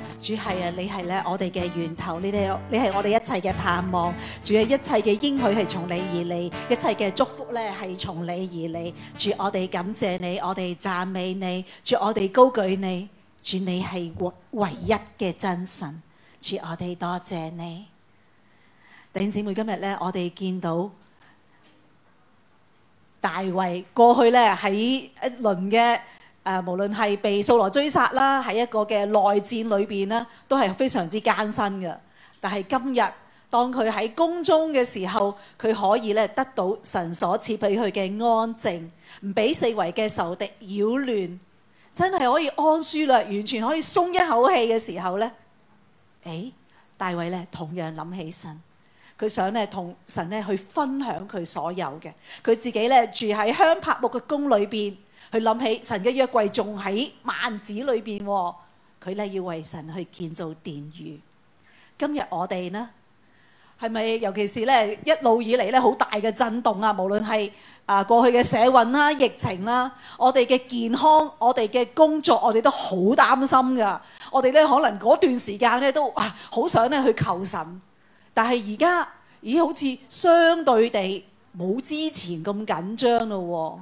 S4: 主係啊，你係咧，我哋嘅源頭，你哋，你係我哋一切嘅盼望。主係一切嘅應許係從你而嚟，一切嘅祝福咧係從你而嚟。主，我哋感謝你，我哋讚美你，主，我哋高舉你。主，你係唯一嘅真神。主，我哋多謝你。弟兄姊妹，今日咧，我哋見到大衛過去咧喺一輪嘅。誒、啊，無論係被掃羅追殺啦，喺一個嘅內戰裏邊呢，都係非常之艱辛嘅。但係今日當佢喺宮中嘅時候，佢可以咧得到神所賜俾佢嘅安靜，唔俾四圍嘅仇敵擾亂，真係可以安舒啦，完全可以鬆一口氣嘅時候咧，誒、哎，大衛咧同樣諗起神，佢想咧同神咧去分享佢所有嘅，佢自己咧住喺香柏木嘅宮裏邊。去諗起神嘅約櫃仲喺幔子裡面喎，佢咧要為神去建造殿宇。今日我哋呢，係咪尤其是咧一路以嚟咧好大嘅震動啊？無論係啊過去嘅社運啦、疫情啦，我哋嘅健康、我哋嘅工作，我哋都好擔心噶。我哋咧可能嗰段時間咧都好、啊、想咧去求神，但係而家已經好似相對地冇之前咁緊張咯。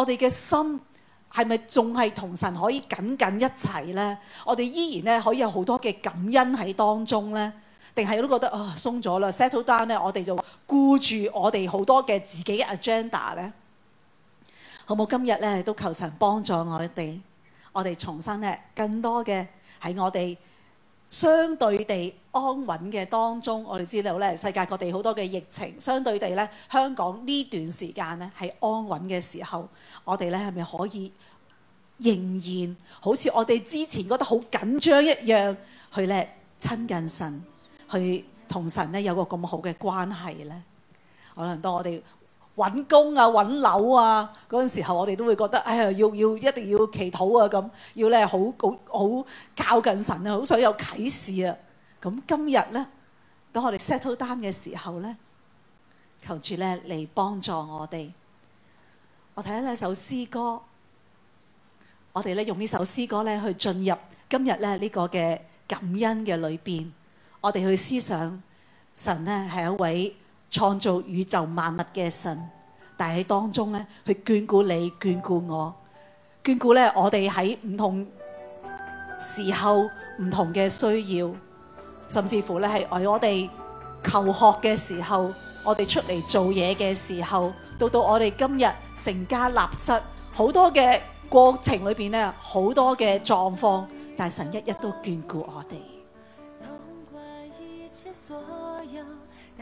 S4: 我哋嘅心係咪仲係同神可以緊緊一齊咧？我哋依然咧可以有好多嘅感恩喺當中咧，定係都覺得啊、哦、鬆咗啦，settle down 咧，我哋就顧住我哋好多嘅自己嘅 agenda 咧，好冇？今日咧都求神幫助我哋，我哋重新咧更多嘅喺我哋。相對地安穩嘅當中，我哋知道咧，世界各地好多嘅疫情。相對地咧，香港呢段時間咧係安穩嘅時候，我哋咧係咪可以仍然好似我哋之前覺得好緊張一樣，去咧親近神，去同神咧有個咁好嘅關係咧？可能當我哋揾工啊，揾樓啊，嗰陣時候我哋都會覺得，哎呀，要要一定要祈禱啊，咁要咧好好好靠近神啊，好想有啟示啊。咁今日咧，當我哋 settle down 嘅時候咧，求主咧嚟幫助我哋。我睇下咧一首詩歌，我哋咧用這首詩呢首詩歌咧去進入今日咧呢、這個嘅感恩嘅裏邊，我哋去思想神咧係一位，創造宇宙萬物嘅神，但係喺當中咧，去眷顧你，眷顧我，眷顧咧我哋喺唔同時候唔同嘅需要，甚至乎咧係為我哋求學嘅時候，我哋出嚟做嘢嘅時候，到到我哋今日成家立室，好多嘅過程裏邊咧，好多嘅狀況，但係神一一都眷顧我哋。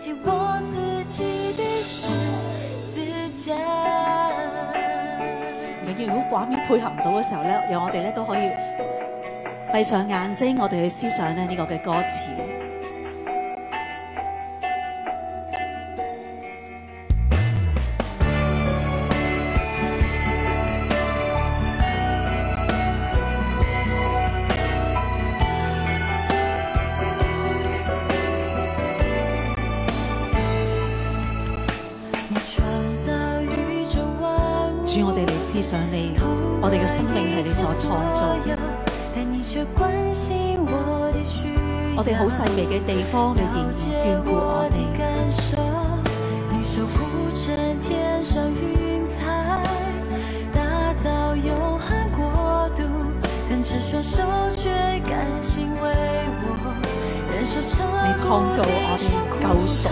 S5: 是我自己的，如果畫
S4: 面配合唔到嘅時候咧，由我哋咧都可以閉上眼睛，我哋去思想咧呢個嘅歌詞。我哋
S5: 嘅生命係你所創造的，但你卻關心我的。我哋好細微嘅地方，你眷顧，你創造我哋，救贖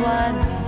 S5: 我哋。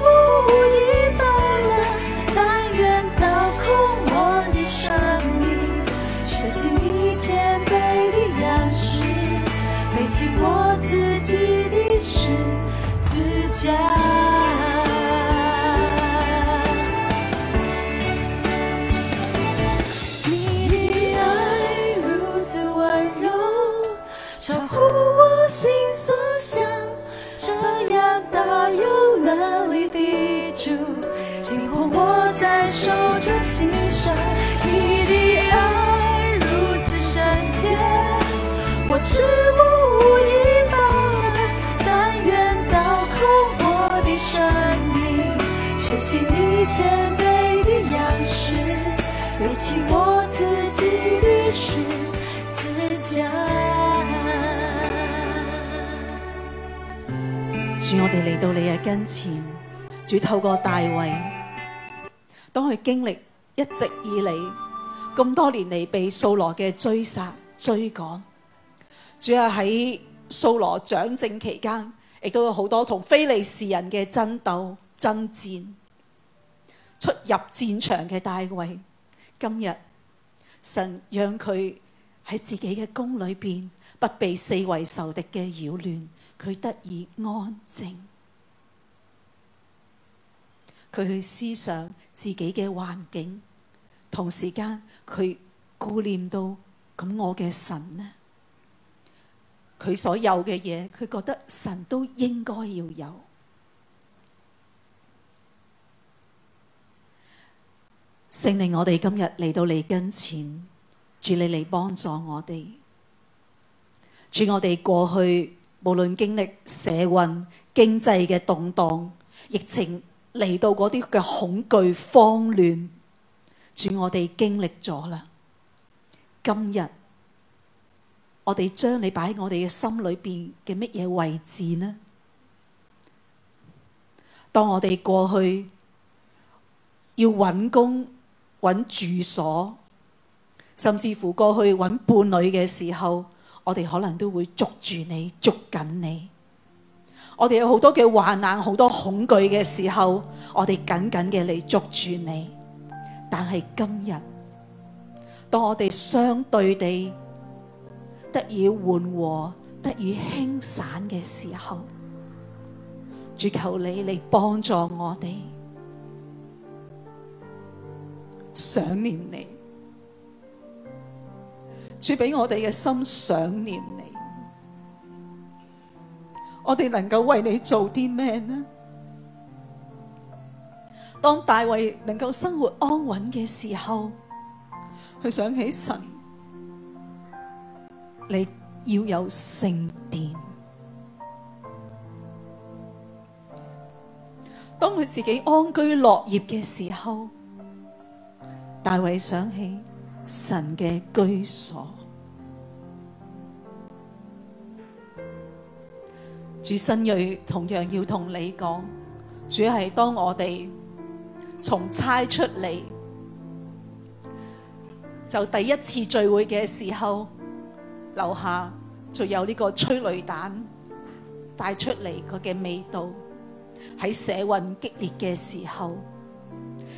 S4: 跟前，主透過大衛，當佢經歷一直以嚟咁多年嚟被掃羅嘅追殺追趕，主要喺掃羅掌政期間，亦都有好多同非利士人嘅爭鬥爭戰，出入戰場嘅大衛，今日神讓佢喺自己嘅宮裏邊不被四圍仇敵嘅擾亂，佢得以安靜。佢去思想自己嘅環境，同時間佢顧念到咁，我嘅神呢？佢所有嘅嘢，佢覺得神都應該要有聖令。聖靈，我哋今日嚟到你跟前，主你嚟幫助我哋。主，我哋過去無論經歷社運、經濟嘅動盪、疫情。嚟到嗰啲嘅恐懼、慌亂，主我哋經歷咗啦。今日我哋將你擺喺我哋嘅心裏邊嘅乜嘢位置呢？當我哋過去要揾工、揾住所，甚至乎過去揾伴侶嘅時候，我哋可能都會捉住你、捉緊你。我哋有好多嘅患難，好多恐懼嘅時候，我哋緊緊嘅嚟捉住你。但係今日，當我哋相對地得以緩和、得以輕散嘅時候，主求你嚟幫助我哋想念你，主俾我哋嘅心想念你。我哋能夠為你做啲咩呢？當大衛能夠生活安穩嘅時候，佢想起神，你要有聖殿。當佢自己安居樂業嘅時候，大衛想起神嘅居所。主新銳同樣要同你講，主要係當我哋從猜出嚟，就第一次聚會嘅時候，樓下就有呢個催淚彈帶出嚟，佢嘅味道喺社運激烈嘅時候，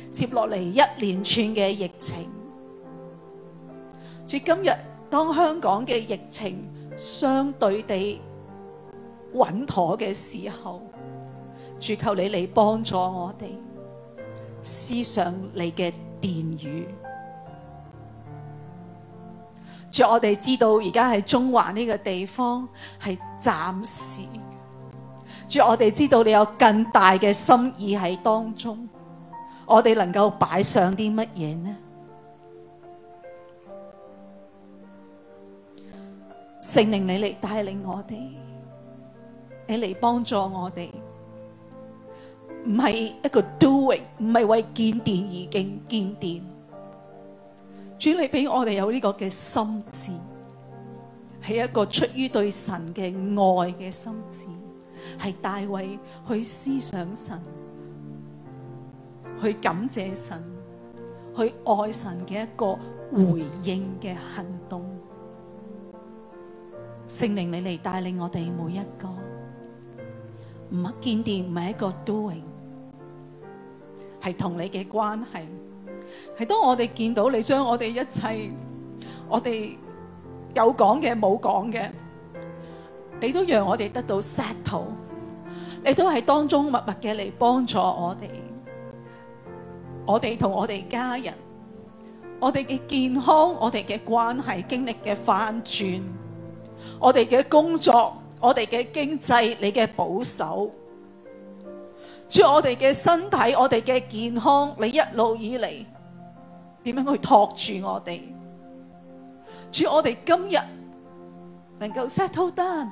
S4: 接落嚟一連串嘅疫情，至今日當香港嘅疫情相對地。穩妥嘅時候，主求你嚟幫助我哋，思想你嘅殿宇。主，我哋知道而家喺中環呢個地方係暫時。主，我哋知道你有更大嘅心意喺當中，我哋能夠擺上啲乜嘢呢？聖靈你嚟帶領我哋。你嚟幫助我哋，唔係一個 doing，唔係為建殿而建殿。主你俾我哋有呢個嘅心智，係一個出於對神嘅愛嘅心智，係大衛去思想神，去感謝神，去愛神嘅一個回應嘅行動。聖靈你嚟帶領我哋每一個。唔係見電，唔係一個 doing，係同你嘅關係，係當我哋見到你將我哋一切，我哋有講嘅、冇講嘅，你都讓我哋得到 settle，你都係當中默默嘅嚟幫助我哋，我哋同我哋家人，我哋嘅健康，我哋嘅關係經歷嘅翻轉，我哋嘅工作。我哋嘅經濟，你嘅保守；主我哋嘅身體，我哋嘅健康，你一路以嚟點樣去托住我哋？主我哋今日能夠 settle down，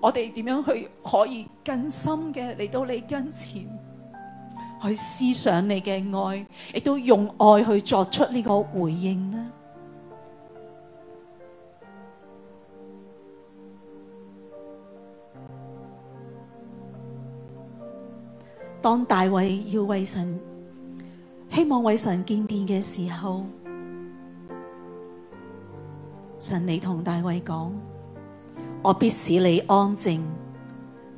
S4: 我哋點樣去可以更深嘅嚟到你跟前去思想你嘅愛，亦都用愛去作出呢個回應呢？當大衛要為神，希望為神建殿嘅時候，神你同大衛講：我必使你安靜，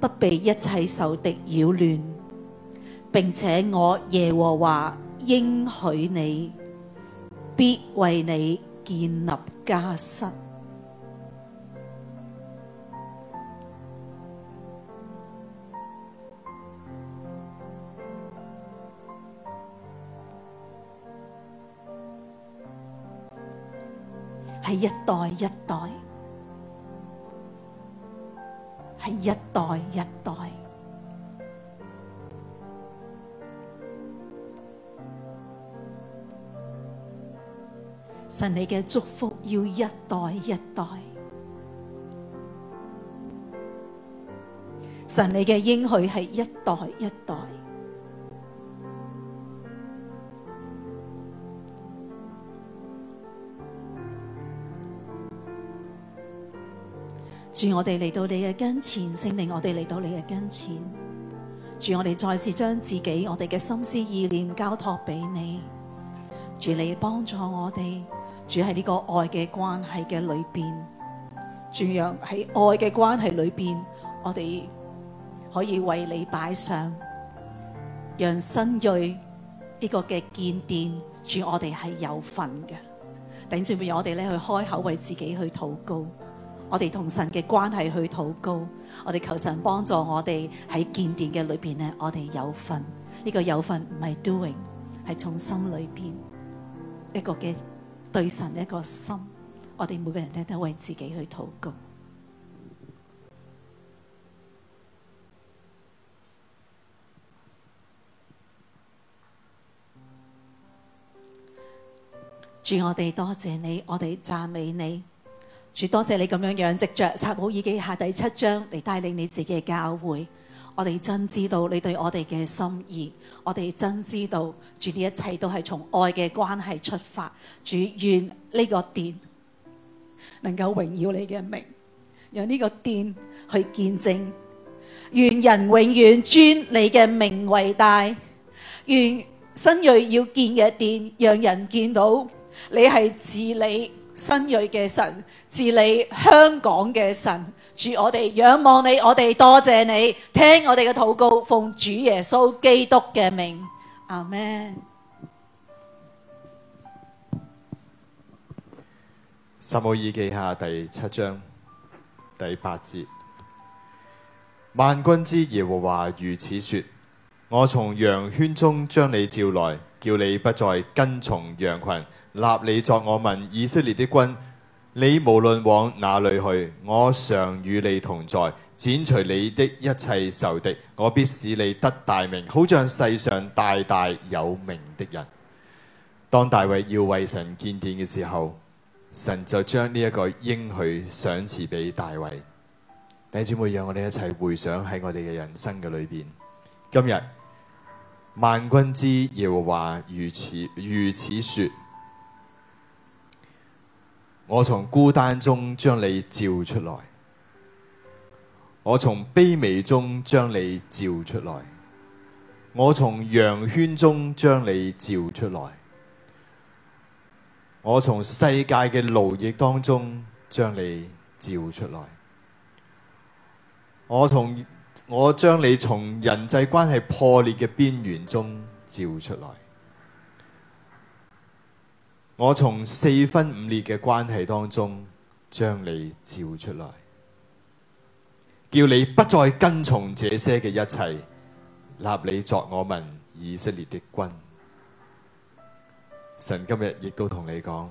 S4: 不被一切仇敵擾亂，並且我耶和華應許你，必為你建立家室。係一代一代，係一代一代。神你嘅祝福要一代一代，神你嘅應許係一代一代。主我哋嚟到你嘅跟前，聖靈，我哋嚟到你嘅跟前。主我哋再次將自己，我哋嘅心思意念交託俾你。主你幫助我哋。主喺呢個愛嘅關係嘅裏邊，主讓喺愛嘅關係裏邊，我哋可以為你擺上，讓新銳呢個嘅建殿，主我哋係有份嘅。等住，讓我哋咧去開口為自己去禱告。我哋同神嘅關係去禱告，我哋求神幫助我哋喺建殿嘅裏邊咧，我哋有份。呢、這個有份唔係 doing，係從心裏邊一個嘅對神一個心。我哋每個人咧都為自己去禱告。主，我哋多謝你，我哋讚美你。主，多謝你這樣樣，藉着撒母耳記下第七章嚟帶領你自己的教會。我們真知道你對我們的心意，我們真知道主，呢一切都是從愛的關係出發。主，願這個殿能夠榮耀你的名，讓這個殿去見證，願人永遠尊你的名為大。願新銳要建的殿，讓人見到你是自理。新蕊嘅神，治理香港嘅神，主我哋仰望你，我哋多謝你，聽我哋嘅禱告，奉主耶穌基督嘅名，阿門。
S1: 撒母耳記下第七章第八節，萬軍之耶和華如此說：我從羊圈中將你召來，叫你不再跟從羊群。立你作我民，以色列的君，你無論往哪裏去，我常與你同在，剪除你的一切仇敵，我必使你得大名，好像世上大大有名的人。當大衛要為神建殿嘅時候，神就將呢一個應許賞賜俾大衛弟兄妹。讓我哋一齊回想喺我哋嘅人生嘅裏邊。今日萬軍之耶和華如此如此說。我從孤單中將你照出來，我從卑微中將你照出來，我從羊圈中將你照出來，我從世界嘅勞役當中將你照出來，我從我將你從人際關係破裂嘅邊緣中照出來。我從四分五裂嘅關係當中，將你召出來，叫你不再跟從這些嘅一切，立你作我民以色列的君。神今日亦都同你講，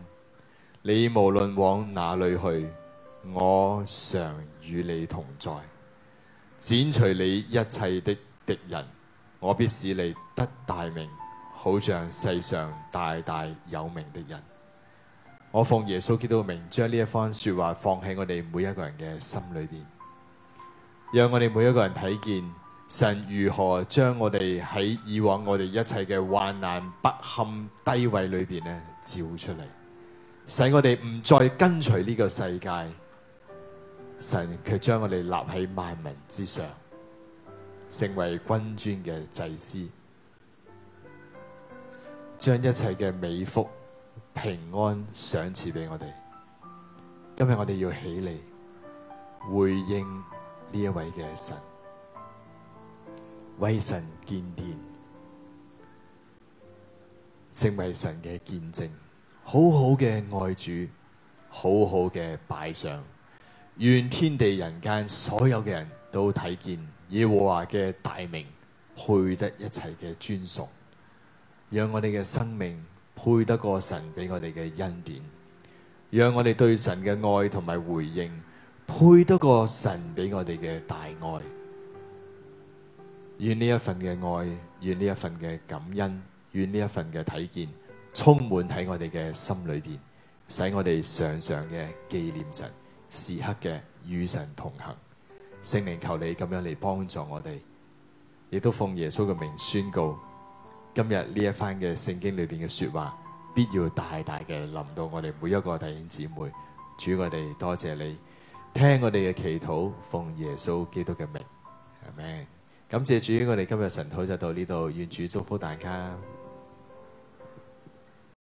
S1: 你無論往哪裏去，我常與你同在，剪除你一切的敵人，我必使你得大名。好像世上大大有名的人，我奉耶穌基督嘅名，將呢一番說話放喺我哋每一個人嘅心裏邊，讓我哋每一個人睇見神如何將我哋喺以往我哋一切嘅患難、不堪、低位裏邊呢照出嚟，使我哋唔再跟隨呢個世界，神卻將我哋立喺萬民之上，成為君尊嘅祭司。將一切嘅美福平安賞賜俾我哋。今日我哋要起嚟回應呢一位嘅神，為神建殿，成為神嘅見證。好好嘅愛主，好好嘅擺上。願天地人間所有嘅人都睇見耶和華嘅大名，配得一切嘅尊崇。讓我哋嘅生命配得過神俾我哋嘅恩典，讓我哋對神嘅愛同埋回應配得過神俾我哋嘅大愛。願呢一份嘅愛，願呢一份嘅感恩，願呢一份嘅體驗，充滿喺我哋嘅心裏邊，使我哋常常嘅紀念神，時刻嘅與神同行。聖靈求你咁樣嚟幫助我哋，亦都奉耶穌嘅名宣告。今日呢一番嘅聖經裏邊嘅說話，必要大大嘅臨到我哋每一個弟兄姊妹。主我哋多謝你，聽我哋嘅祈禱，奉耶穌基督嘅名，阿門。感謝主，我哋今日神討就到呢度，願主祝福大家。